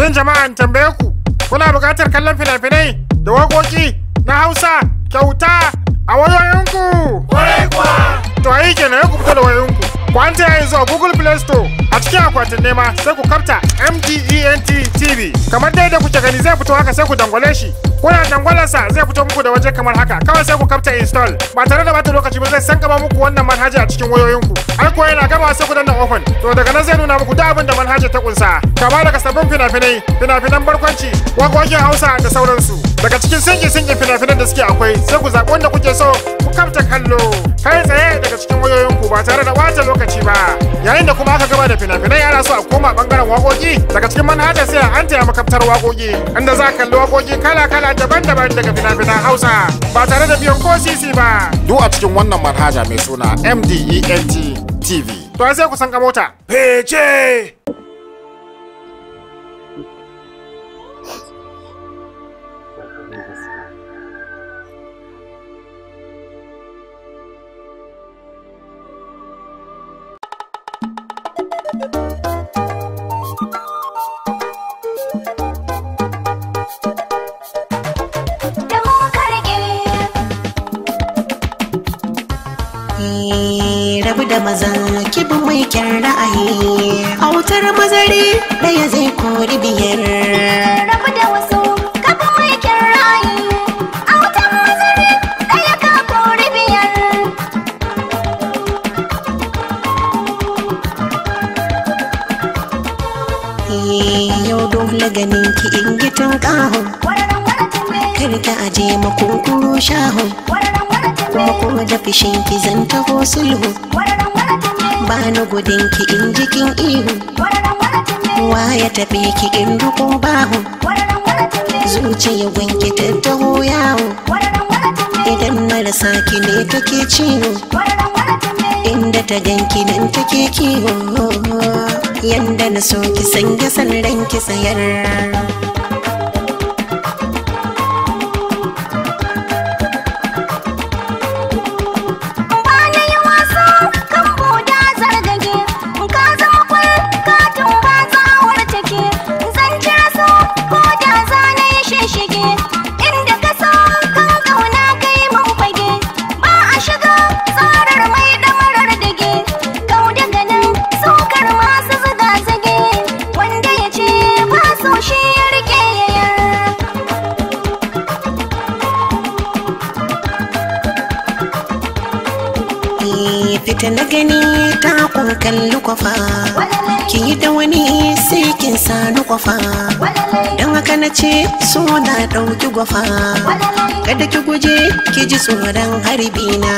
Shin jama'an tambaye ku kuna buƙatar kallon fina-finai da waƙoƙi na Hausa kyauta a wayoyinku? Kwarai kuwa! To a yi kenan ya ku fito da wayoyinku. Ku an zuwa a Google Play Store a cikin akwatin nema sai ku karta MDENT TV. Kamar dai da kuke gani zai fito haka sai ku dangwale shi. Kuna dangwalarsa zai fito muku da waje kamar haka kawai sai ku karta install. Ba tare da bata lokaci ba zai san gaba muku wannan manhaja a cikin wayoyinku. Har kuwa yana gama sai ku danna open. To daga nan zai nuna muku duk abin da manhaji ta kunsa. Kama daga sabbin fina-finai, fina-finan barkwanci, waƙoƙin Hausa da sauransu. daga cikin singin-singin fina-finan da suke akwai sai ku zaɓi wanda kuke so ku kamta kallo kai tsaye daga cikin wayoyinku ba tare da wata lokaci ba yayin da kuma aka gaba da fina-finai ana so a koma bangaren wakoki, daga cikin manhajar sai an taya makaftar wakoki, inda za a kalli wakoki kala-kala daban-daban daga fina-finan hausa ba tare da biyan ko sisi ba duk a cikin wannan manhaja mai suna mdent tv to sai ku san ka mota fece rabu da mazan kibi mai kyan ra'ayi autar wutar mazari ɗaya zai kori biyar yau dole ganin ki in gitin ƙahon kar ta aje makunkuru shaho kuma kuma da fishin ki zan taho sulhu ba ni gudun ki in jikin ihu wa ya tafi ki in rukun bahu zuciya wanki tattaho yawo idan marasa ki ne take ciwo inda ta ganki nan take kiwo yanda na so ki sanya sandan ki tsayar ita na gani ta kun kalli kwafa ki yi da wani sai kin sani kwafa don haka na ce so na ɗauki gwafa kada ki guje ki ji tsoron harbi na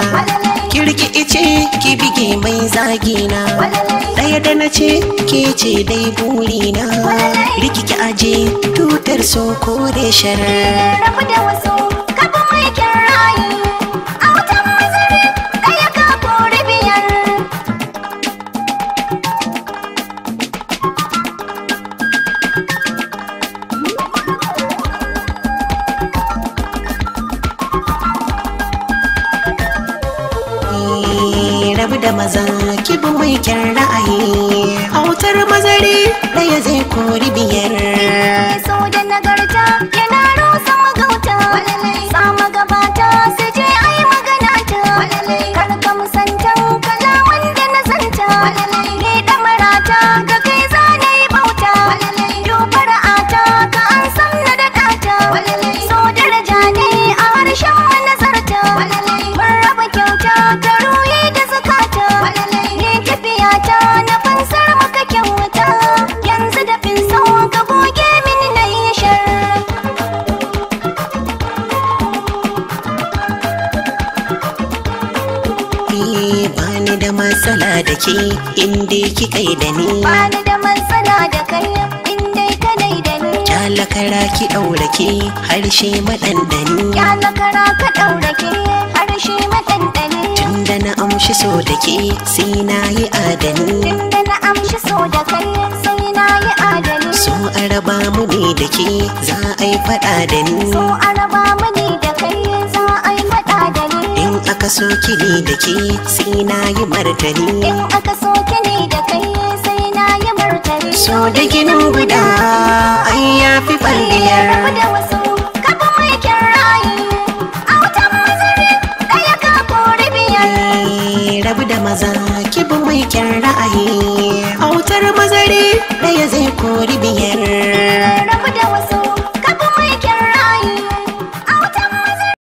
kirki ice ki bige mai zagi na ɗaya da na ce ke ce dai buri na rikiki aje tutar so kore shara zaki ki bi mai kyan ra'ayi a mazari ɗaya zai kori biyar. Sau da nagarta yana rusa magauta. bani da matsala da ke inda ki da ni bani da matsala da kai inda ka dai da ni kyalakara ki daura ke harshe madandani kyalakara ka daura ke harshe madandani tunda na amshi so da ke sai na yi adani tunda na amshi so da kai sai na yi adani so araba mu ne da ke za a yi fada da ni so araba mu ne aka soke ni da ke sai na yi martani in aka da kai sai na martani so da ginin guda ai ya fi kwalliyar a ɗaya ka kori biyar eh, rabu da maza kibin mai kyan ra'ayi